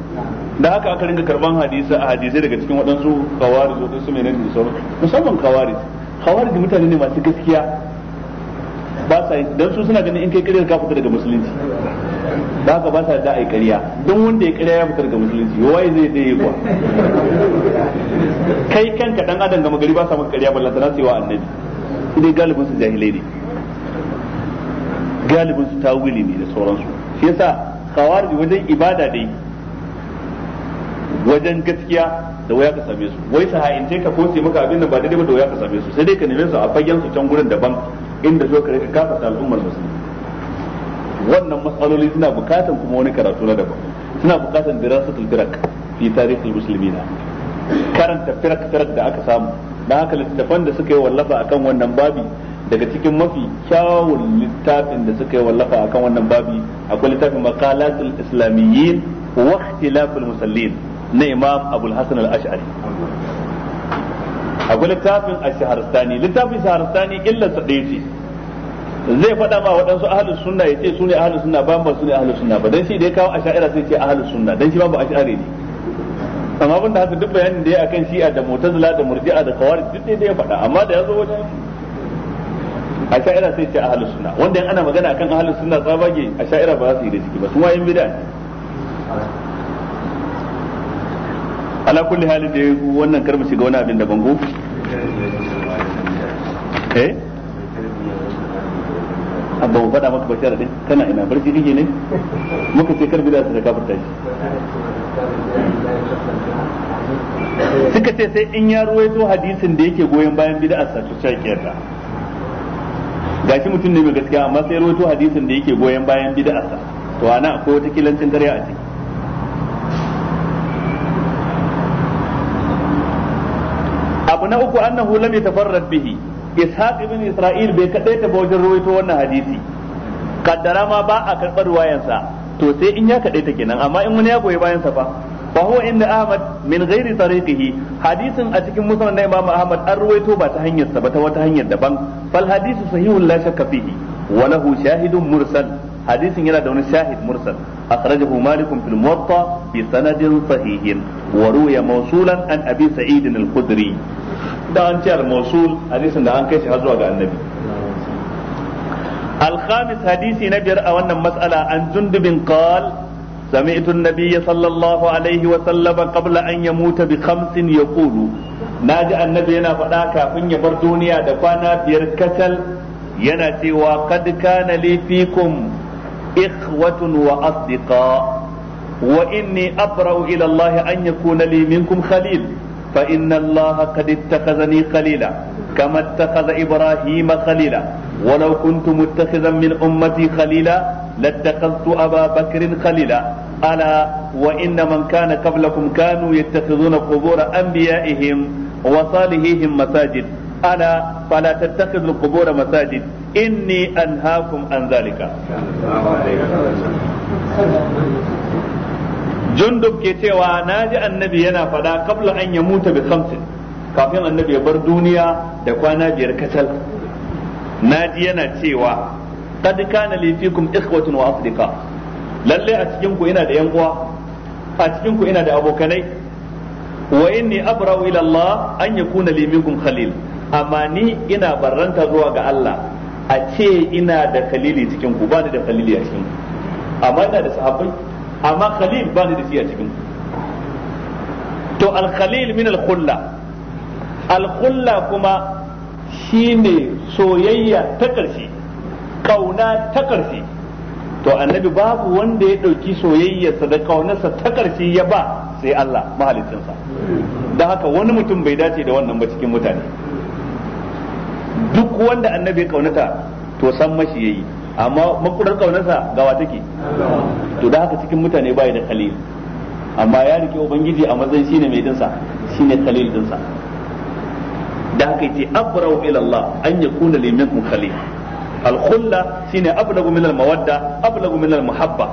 da haka aka ringa karban hadisi a hadisi daga cikin waɗansu kawari zo su menene musamman kawari kawari mutane ne masu gaskiya ba sa dan su suna ganin in kai kariya ka fita daga musulunci da ka ba sa da ai kariya don wanda ya kariya ya fita daga musulunci waye zai dai kuwa kai kanka dan adam ga magari ba sa maka kariya balla tana cewa annabi sai galibin su jahilai ne galibin su tawili ne da sauransu shi yasa khawarij wajen ibada dai wajen gaskiya da waya ka same su wai su ha'ince ka ko su maka abin da ba daidai ba da waya ka same su sai dai ka neme su a fagen su can gurin daban inda zo ka rika kafa al'ummar musulmi wannan matsaloli suna bukatan kuma wani karatu na daban suna bukatan dirasatul firak fi tarihul muslimina karanta firak firak da aka samu dan haka littafan da suka yi wallafa akan wannan babi daga cikin mafi kyawun littafin da suka yi wallafa akan wannan babi akwai littafin maqalatul islamiyyin wa ikhtilaful musallin na imam abul hasan al ash'ari akwai littafin ash-shahrastani littafin shahrastani illa sadai ce zai faɗa ma waɗansu ahlus sunna ya ce su ne ahlus sunna ba ba su ne ahlus sunna ba dan shi dai kawo asha'ira sai ce ahlus sunna dan shi ba ba ash'ari ne amma abinda haka duk bayanin da ya akan shi'a da mu'tazila da murji'a da khawarij duk dai da ya faɗa amma da ya zo wajen asha'ira sai ce ahlus sunna wanda in ana magana akan ahlus sunna tsabage asha'ira ba za su yi da ciki ba su ma yin bid'a ala kulli hali da wannan kar shiga wani abin da bango eh ba mu faɗa maka bashara din kana ina barci kake ne muka ce kar bid'a da kafirta shi suka ce sai in ya ruwaito hadisin da yake goyon bayan bid'a sa to sai kiyarta gashi mutum ne mai gaskiya amma sai ruwaito hadisin da yake goyon bayan bid'a sa to ana akwai wata kilancin dare a ciki abu na uku annahu lam yatafarrad bihi ishaq ibn isra'il bai kadai ba wajen ruwaito wannan hadisi kaddara ma ba a karbar ruwayansa to sai in ya ta kenan amma in wani ya goyi bayan sa fa fa huwa inda ahmad min ghairi tariqihi hadisin a cikin musnad na imam ahmad an ruwaito ba ta hanyar sa ba ta wata hanyar daban fal hadisu sahihun la shakka fihi wa lahu shahidun mursal hadisin yana da wani shahid mursal akhrajahu malik fil muwatta fi sanadin sahihin wa ruya mawsulan an abi sa'id al da an ce al-mawsul hadisin da an kai shi har zuwa ga annabi الخامس حديث نبير أو أن مسألة عن جندب قال سمعت النبي صلى الله عليه وسلم قبل أن يموت بخمس يقول ناجى النبي أنا فداك إن يبر دنيا دفانا بيركتل ينتي وقد كان لي فيكم إخوة وأصدقاء وإني أبرأ إلى الله أن يكون لي منكم خليل fa inna allaha qad ittakhazani khalila kama ittakhadha ibrahima khalila walau kuntu muttakhizan min ummati khalila لاتخذت أبا بكر خليلا ألا وإن من كان قبلكم كانوا يتخذون قبور أنبيائهم وصالحيهم مساجد ألا فلا تتخذوا القبور مساجد إني أنهاكم عن ذلك jundub ke cewa na ji annabi yana faɗa kabla an ya muta bi khamsin kafin annabi ya bar duniya da kwana biyar na ji yana cewa qad kana li fikum ikhwatun wa asdiqa lalle a cikin ku ina da yan uwa a cikin ku ina da abokanai wa inni abra'u ila Allah an yakuna li minkum khalil amma ni ina barranta zuwa ga Allah a ce ina da khalili cikin ku ba ni da khalili a cikin amma ina da sahabbai amma khalil ba ni da siya cikin to al khalil min al khulla al khulla kuma shine soyayya ta ƙarshe kauna ta ƙarshe to annabi babu wanda ya ɗauki soyayyarsa da kaunarsa ta ƙarshe ya ba sai Allah mahaliccinsa don haka wani mutum bai dace da wannan ba cikin mutane duk wanda annabi ya kaunata to san mashi yayi amma makudar kaunarsa gawa take to da haka cikin mutane bai da khalil amma ya rike ubangiji a matsayin shine mai dinsa shine khalil dinsa da haka yace abrau ila Allah an yakuna li minkum khalil al khulla shine ablagu min al mawadda ablagu min al muhabba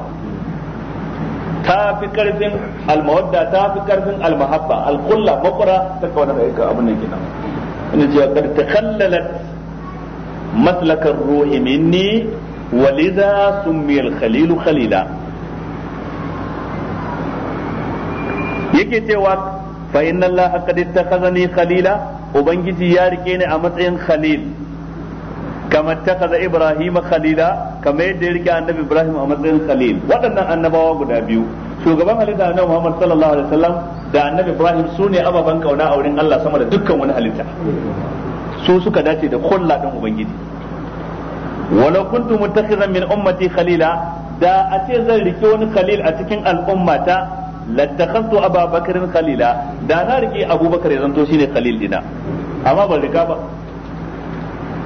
ta fi karfin al mawadda ta fi karfin al mahabba al khulla makura ta kaunar aika abun nan kenan ina cewa ta takhallalat maslakar ruhi minni walidha summiyal khalilu khalila yake cewa fa inna allaha qad ittakhazani khalila ubangiji ya rike ni a matsayin khalil kamar takaza ibrahim khalila kamar yadda ya rike annabi ibrahim a matsayin khalil waɗannan annabawa guda biyu shugaban halitta annabi muhammad sallallahu alaihi wasallam da annabi ibrahim su ne ababen kauna a wurin allah sama da dukkan wani halitta su suka dace da kulla ɗin ubangiji walau kuntu muttakhizan min ummati khalila da a ce zan rike wani khalil a cikin al'ummata lattakhastu a bakrin khalila da na rike abubakar ya zanto shine khalil dina amma ban rika ba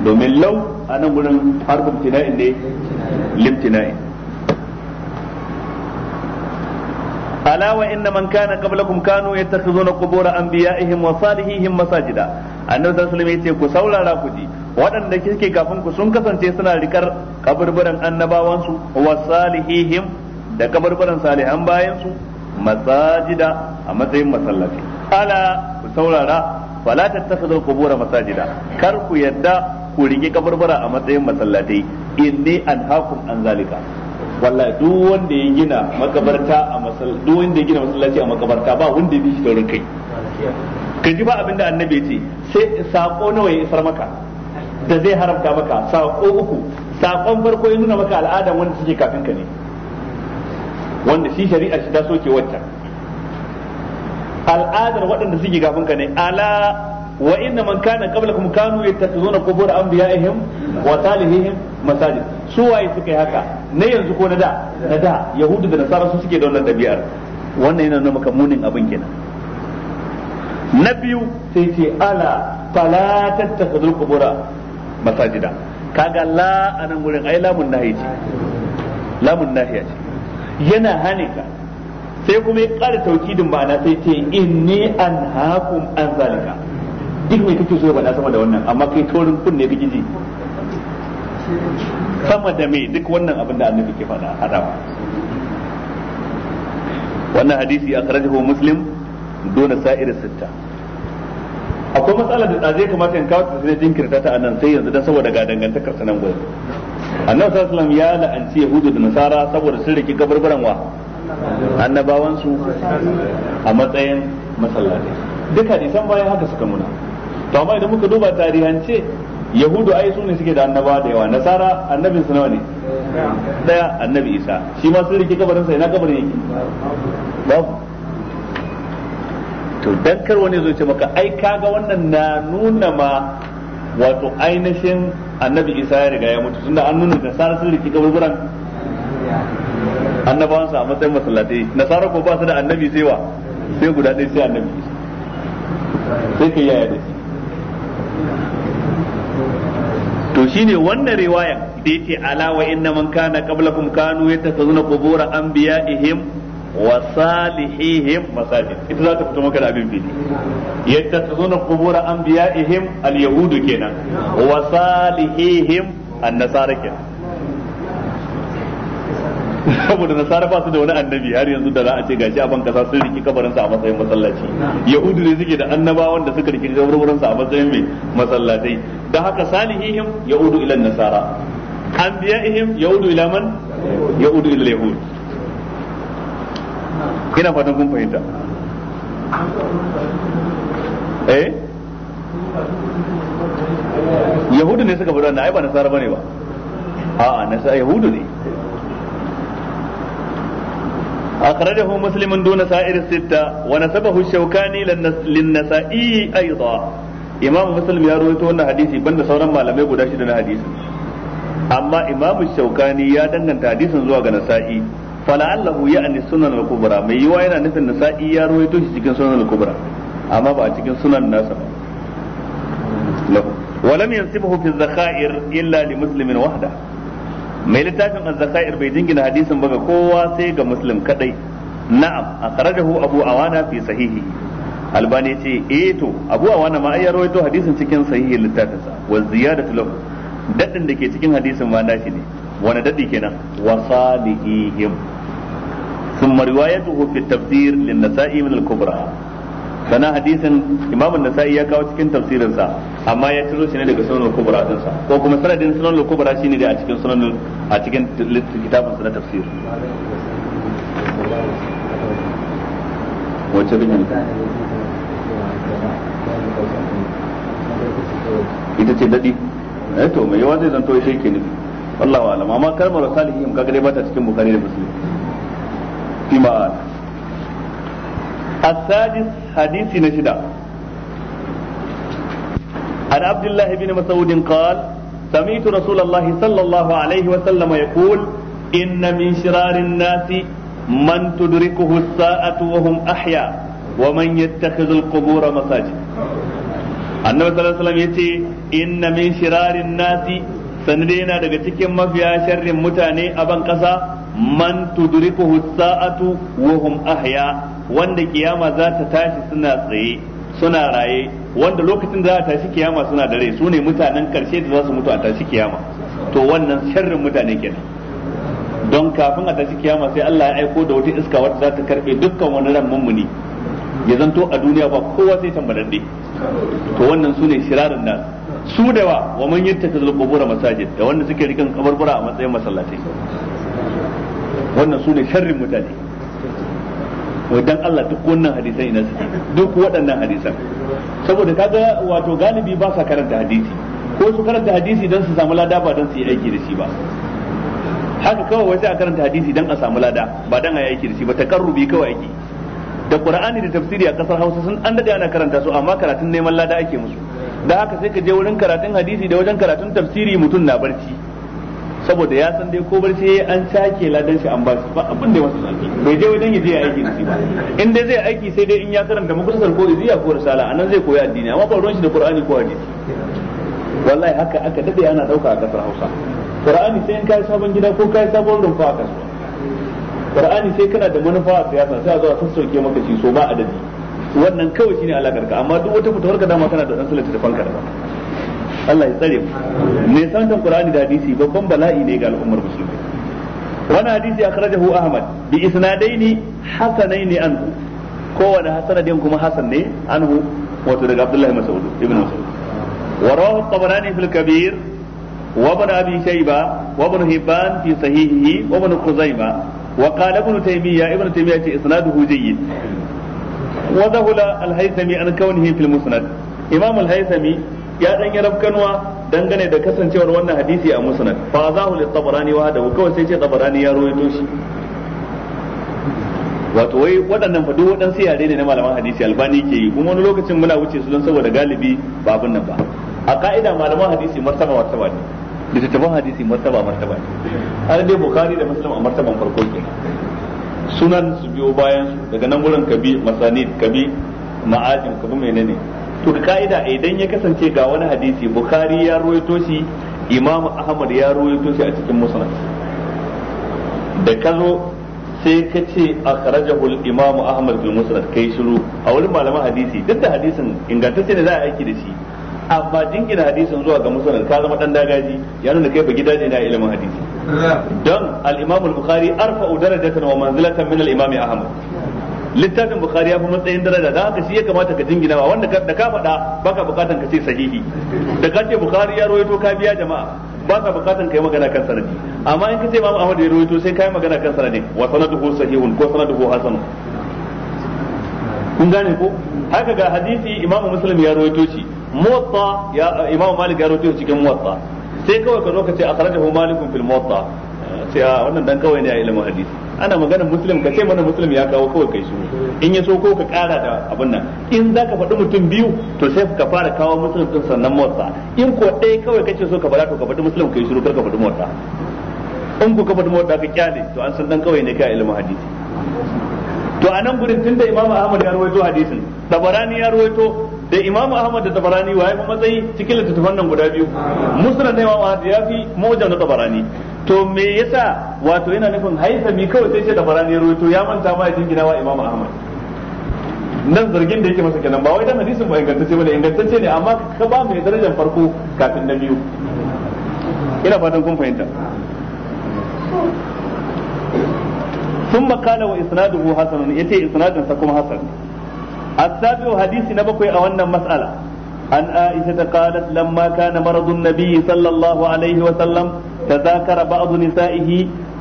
domin lau a nan gurin harfin tina'in ne limtina'in ألا وإن من كان قبلكم كانوا يتخذون قبور أنبيائهم وصالحيهم مساجدا النبي صلى الله عليه waɗanda ke kafin ku sun kasance suna rikar kaburburan annabawansu wa salihihim da kaburburan salihan bayansu masajida a matsayin masallaci ala ku saurara fala tattakhidul qubur masajida kar ku yadda ku rike kaburbura a matsayin masallatai inni anhaqum an zalika wallahi duk wanda ya gina makabarta a masallaci duk wanda ya gina masallaci a makabarta ba wanda ya bi shi taurin kai kaji ba abinda annabi ya ce sai sako nawa ya isar maka da zai haramta maka sako uku sakon farko ya nuna maka al'ada wanda suke kafin ka ne wanda shi shari'a shi ta soke wancan. al'adar waɗanda suke kafin ka ne ala wa inna man kana qablakum kanu yattakhizuna qubur anbiya'ihim wa salihihim masajid su waye suka yi haka na yanzu ko na da na da yahudu da nasara su suke da wannan dabi'ar wannan yana nuna maka munin abin kenan na biyu sai ce ala fala tattakhizul qubura masajida kaga la anan gurin ai lamun nahi ce lamun nahiya ce yana hane ka sai kuma ya ƙara taukidin na sai ce inni hakum an zalika duk mai kake so ba na sama da wannan amma kai torin kunne kake ji sama da me duk wannan abin da annabi ke faɗa hada wannan hadisi akhrajahu muslim dona sa'ir sitta akwai matsalar da tsaje kamata in kawo ta sai jinkirta ta anan sai yanzu dan saboda ga dangantakar ta nan gobe annabi sallallahu alaihi wasallam ya la'anci yahudu da nasara saboda sun riki kaburburan wa annabawan su a matsayin masallatai duka san bayan haka suka muna to amma idan muka duba tarihance yahudu ai su ne suke da annaba da yawa nasara annabin su nawa ne daya annabi isa shi ma sun riki gabarin sa ina kabarin yake babu to dan kar wani zo ce maka ai kaga wannan na nuna ma wato ainihin annabi isa ya riga ya mutu tunda an nuna da sarar sun riki kaburburan annabawan sa a matsayin masallatai nasara ko ba su da annabi sai wa sai guda ɗaya sai annabi sai kai yaya da shi to shine wannan riwayan da yake ala wa inna man kana qablakum kanu yatakazuna qubura anbiya'ihim wa salihihim masajid ita za ta fito maka da abin fili yattakhizuna qubur anbiya'ihim al-yahud kenan wa salihihim an-nasara kenan saboda nasara ba su da wani annabi har yanzu da za a ce gashi a bankasa sun riki kabarinsa a matsayin masallaci yahudu ne suke da annabawan da suka riki kabarinsa a matsayin mai masallatai da haka salihihim yahudu ila nasara anbiya'ihim yahudu ila man yahudu ila yahud ina fatan kun fahimta eh yahudu ne suka faɗa na ai ba nasara bane ba na nasara yahudu ne أخرجه مسلم دون سائر الستة ونسبه الشوكاني للنسائي أيضا إمام مسلم يروي تون حديثي بند سورا ما لم يقول شيء حديث أما إمام الشوكاني يا دنگن حديث زوا نسائي fala'allahu ya'ni sunan al-kubra mai yiwa yana nufin sa'i ya rawaito shi cikin sunan al-kubra amma ba a cikin sunan nasa ba ولم ينسبه في الذخائر إلا musulmin wahda? mai littafin az-zakair bai jingina hadisin ba ga kowa sai ga muslim kadai na'am a akhrajahu abu a wana fi sahihi albani ce e to abu a wana ma ya rawaito hadisin cikin sahihi littafinsa. sa wa ziyadatu lahu dadin da ke cikin hadisin ma shi ne wani dadi kenan wa salihihim ثم روايته في التفسير للنسائي من الكبرى sana hadisin imam an-nasa'i ya kawo cikin tafsirin amma ya ciro shi ne daga sunan al a din sa kuma sanadin sunan al-kubra shine a cikin sunan a cikin kitabun sunan tafsir wace bin ita ce dadi eh to mai yawa zai zanto ita yake nufi wallahu a'lam amma kalmar salihin kaga dai ba ta cikin bukhari da muslim iman السادس حديث نشدة عن عبد الله بن مسعود قال سمعت رسول الله صلى الله عليه وسلم يقول إن من شرار الناس من تدركه الساعة وهم أحيا ومن يتخذ القبور مساجد annabi sallallahu alaihi wasallam yace inna min shirarin nasi sanade yana daga cikin mafiya sharrin mutane a ban kasa man tudrikuhu sa'atu wa hum ahya wanda kiyama za ta tashi suna tsaye suna raye wanda lokacin da za a tashi kiyama suna da rai sune mutanen karshe da za su mutu a tashi kiyama to wannan sharrin mutane kenan don kafin a tashi kiyama sai Allah ya aiko da wata iska wadda za ta karbe dukkan wani ran mummuni ya zanto a duniya ba kowa sai tambararre to wannan sune shirarin nan su da wa wa man yattaka zulqubura masajid da wanda suke rikan kabarbura a matsayin masallatai wannan su ne sharrin mutane wajen Allah duk wannan hadisan ina suke duk waɗannan hadisan saboda kaga wato galibi ba sa karanta hadisi ko su karanta hadisi don su samu lada ba don su yi aiki da shi ba haka kawai wai sai a karanta hadisi don a samu lada ba don a yi aiki da shi ba takarrubi kawai ake da qur'ani da tafsiri a kasar hausa sun an daɗe ana karanta su amma karatun neman lada ake musu da haka sai ka je wurin karatun hadisi da wajen karatun tafsiri mutum na barci saboda ya san dai ko barci yayi an sake ladan shi an ba shi ba abin da masa bai je wajen yaje ya aiki da shi ba in dai zai aiki sai dai in ya karanta mukursal ko iziya ko risala anan zai koyi addini amma ba ruwan shi da qur'ani ko hadisi wallahi haka aka dade ana dauka a kasar Hausa qur'ani sai in kai sabon gida ko kai sabon rumfa a kasuwa qur'ani sai kana da manufa a siyasa sai a zo a sassauke maka shi so ba adadi wannan kawai shine alakar ka amma duk wata fitowar ka dama kana da dan salati da fanka da ba Allah ya tsare mu ne santan Qur'ani da hadisi babban bala'i ne ga al'ummar musulmi wannan hadisi akhrajahu Ahmad bi isnadaini hasanaini anhu kowane hasanadin kuma hasan ne anhu wato daga Abdullahi Mas'ud ibn Mas'ud wa rawahu Tabarani fil Kabir wa ibn Abi Shayba wa ibn Hibban fi sahihihi wa ibn Khuzaimah wa qala ibn Taymiyyah ibn Taymiyyah ce isnaduhu jayyid wa dahula al-Haythami an kawnihi fil Musnad Imam al-Haythami ya dan yarab kanwa dangane da kasancewar wannan hadisi a musnad fa zahu li tabarani wa hada kawai sai ce tabarani ya rawaito shi wato wai waɗannan fa duk waɗansu yare ne na malaman hadisi albani ke yi kuma wani lokacin muna wuce su don saboda galibi ba abin nan ba a ka'ida malaman hadisi martaba martaba ne littattafan hadisi martaba martaba ne har dai bukari da muslim a martaban farko ke sunan su biyo bayan su daga nan wurin kabi masanid kabi ma'ajin kabi menene to da ka'ida idan ya kasance ga wani hadisi bukhari ya ruwaito shi imam ahmad ya ruwaito shi a cikin musnad da ka zo sai ka ce a akhrajahul imam ahmad bil musnad kai shiru a wurin malaman hadisi duk da hadisin ingantacce ne za a aiki da shi amma jingina hadisin zuwa ga musulun ka zama dan dagaji ya nuna kai ba gida ne na ilimin hadisi don al-imam al-bukhari arfa'u darajatan wa manzilatan min al-imam ahmad littafin bukhari ya fi matsayin daraja da haka shi ya kamata ka jingina wa wanda da ka faɗa baka bukatan ka ce sahihi da ka ce bukhari ya rawaito ka biya jama'a baka bukatan ka yi magana kan sanadi amma in ka ce imamu ahmad ya rawaito sai ka yi magana kan sanadi wa sanaduhu sahihun ko sanaduhu hasan kun gane ko haka ga hadisi imamu muslim ya rawaito shi muwatta ya imamu malik ya rawaito cikin muwatta sai kawai ka zo ka ce akhrajahu malikun fil muwatta sai a wannan dan kawai ne a ilimin hadisi ana magana muslim ka ce mana muslim ya kawo kawai kai shi in ya so ko ka kara da abin nan in zaka faɗi mutum biyu to sai ka fara kawo muslim din sannan motsa in ko ɗaya kawai kace so ka faɗa to ka faɗi muslim kai shiru kar ka faɗi motsa in ku ka faɗi motsa ka kyale to an san dan kawai ne kai ilimin hadisi to a nan gurin tunda imamu ahmad ya rawaito hadisin tabarani ya rawaito da Imam Ahmad da Tabarani waye ba matsayi cikin littattafan nan guda biyu musnad na Imam Ahmad ya fi mojan da Tabarani to me yasa wato yana nufin mi kawai sai ce Tabarani ya rawaito ya manta ma yajin gina wa Imam Ahmad nan zargin da yake masa kenan ba wai dan hadisin ba ingantacce bane ingantacce ne amma ka ba mai darajar farko kafin na biyu ina fatan kun fahimta ثم قال واسناده حسن يتي إسنادا سكم حسن السابع حديث نبكي أولنا مسألة عن عائشة قالت لما كان مرض النبي صلى الله عليه وسلم تذاكر بعض نسائه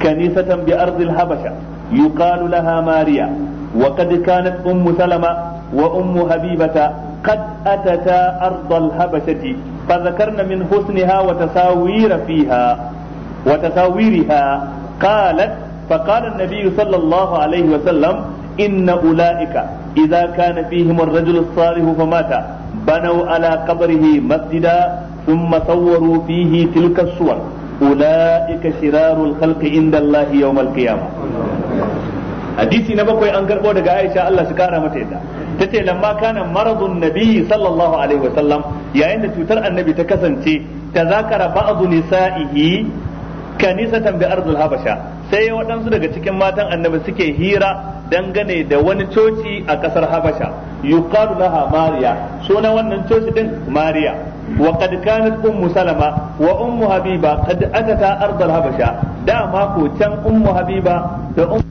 كنيسة بأرض الحبشة يقال لها ماريا وقد كانت أم سلمة وأم حبيبة قد أتتا أرض الحبشة فذكرن من حسنها وتصاوير فيها وتصاويرها قالت فقال النبي صلى الله عليه وسلم إن أولئك إذا كان فيهم الرجل الصالح فمات بنوا على قبره مسجدا ثم صوروا فيه تلك الصور أولئك شرار الخلق عند الله يوم القيامة hadisi na bakwai an karbo daga Aisha Allah shi kara mata yadda tace lamma kana maradun nabi sallallahu alaihi wasallam yayin da cutar annabi ta kasance tazakara ba'dhu nisa'ihi kanisatan bi ardul habasha sai waɗansu daga cikin matan annabi suke hira dangane da wani coci a ƙasar habasha yuqalu laha mariya sunan wannan coci din mariya wa qad kanat ummu salama wa ummu habiba qad atata ardul habasha da ma ko can ummu habiba da